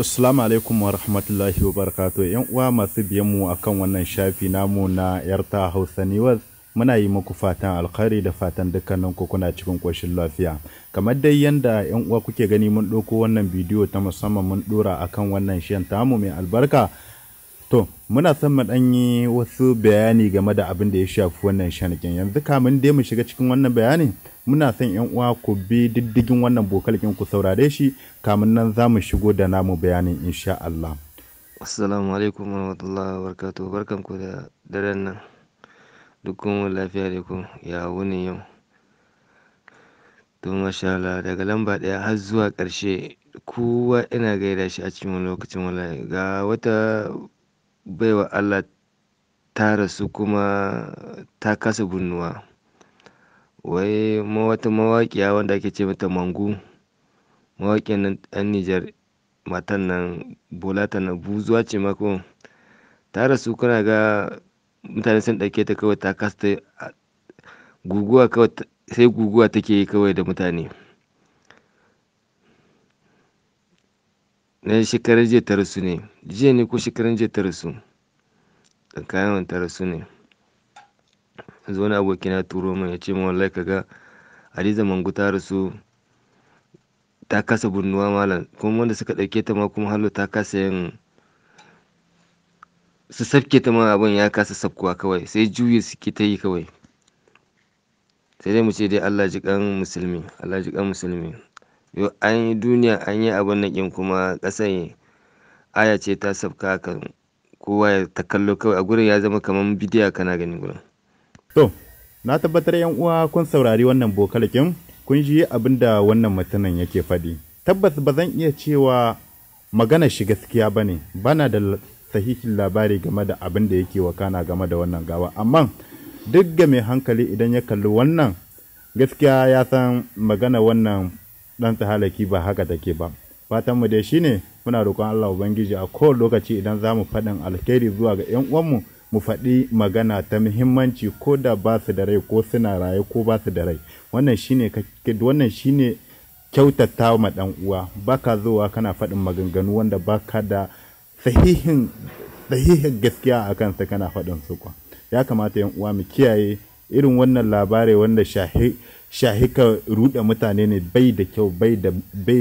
Assalamu alaikum wa rahmatullahi wa barakatuh. ‘Yan uwa masu biyan mu a kan wannan shafi namu na ‘yarta Hausa News. Muna yi muku fatan alkhari da fatan dukkanin ku kuna cikin ƙoshin lafiya. Kamar dai yanda ‘yan uwa kuke gani mun ɗauko wannan bidiyo ta musamman mun ɗora a kan wannan shan tamu mai albarka. To, muna son mu ɗan wasu bayani game da abin da ya shafi wannan shanakin. Yanzu kamin dai mu shiga cikin wannan bayanin, muna son yan uwa ku bi diddigin wannan bokalkin ku saurare shi kamun nan za mu shigo da namu bayanin insha Allah assalamu alaikum warahmatullahi wabarakatuh barkanku da daren nan dukkan lafiya da ku ya wuni yau to masha Allah daga lamba ɗaya har zuwa ƙarshe kowa ina gaida shi a cikin wani lokacin wallahi ga wata baiwa Allah ta rasu kuma ta kasa bunnuwa wai wata mawaƙiya wanda ake ce mata mangu mawaƙiyan nan ɗan Nijar matan nan Bola Tinubu buzuwa ce ma ta rasu kana ga mutane sun ɗauke ta kawai ta kasta guguwa kawai sai guguwa take yi kawai da mutane na shekaran jiya ta rasu ne jiya ne ko shekaran jiya ta rasu tsakanin ta rasu ne yanzu wani abokina ya turo min ya ce min wallahi kaga Hadiza Mangu ta rasu ta kasa burnuwa malam kuma wanda suka ɗauke ta ma kuma hallo ta kasa yin su sabke ta ma abin ya kasa sabkuwa kawai sai juyi suke ta yi kawai sai dai mu ce dai Allah ji kan musulmi Allah ji kan musulmi yo an yi duniya an yi abin nakin kuma ƙasar aya ce ta sabka kan kowa ya ta kallo kawai a gurin ya zama kamar bidiya kana gani gurin To, na tabbatar yan uwa kun saurari wannan bokalakin kun ji abin da wannan mutumin yake faɗi. Tabbas ba zan iya cewa magana shi gaskiya ba ne, bana da sahihin labari game da abin da yake wakana game da wannan gawa, amma duk ga mai hankali idan ya kalli wannan gaskiya ya san magana wannan ɗan tsahalaki ba haka take ba. Fatanmu dai ne muna roƙon Allah Ubangiji a kowane lokaci idan za mu faɗin alkhairi zuwa ga 'yan uwanmu mu faɗi magana ta muhimmanci ko da ba su da rai ko suna raye ko ba su da rai wannan shine wannan kyautata ma dan uwa baka zowa kana faɗin maganganu wanda baka da sahihin gaskiya a kansa kana faɗin su kwa ya kamata yan uwa mu kiyaye irin wannan labarai wanda shahi ka ruɗe mutane ne bai da kyau bai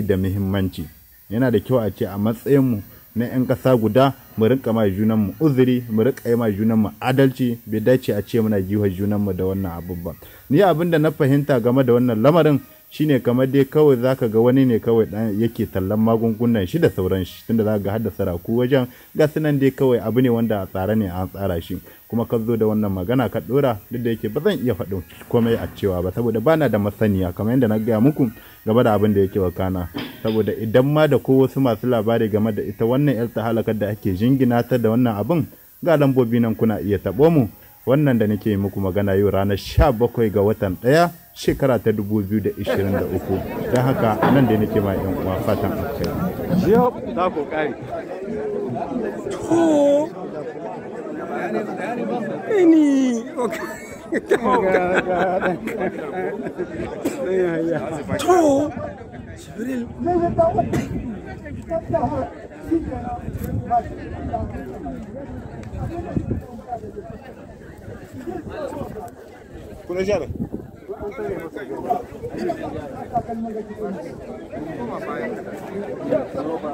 da muhimmanci yana da kyau a ce a matsayinmu na 'yan ƙasa guda mu rinka ma junanmu uzuri mu rinka yi ma junanmu adalci bai dace a ce muna jiwa junanmu da wannan abin ba ni abin da na fahimta game da wannan lamarin shine kamar dai kawai zaka ga wani ne kawai dan yake tallan magungunan shi da sauran shi tunda zaka ga har da wajen ga sunan dai kawai abu ne wanda a tsara ne an tsara shi kuma ka zo da wannan magana ka dora duk da yake ba zan iya faɗin komai a cewa ba saboda bana da masaniya kamar yadda na gaya muku game da abin da yake wakana saboda idan ma da ko wasu masu labari game da ita wannan yar ta halakar da ake jingina ta da wannan abin ga lambobi nan kuna iya taɓo mu wannan da nake muku magana yau ranar 17 ga watan ɗaya shekara ta 2023 don haka nan da nake ma yan uwa fatan akai za to ini to jibril kuna jana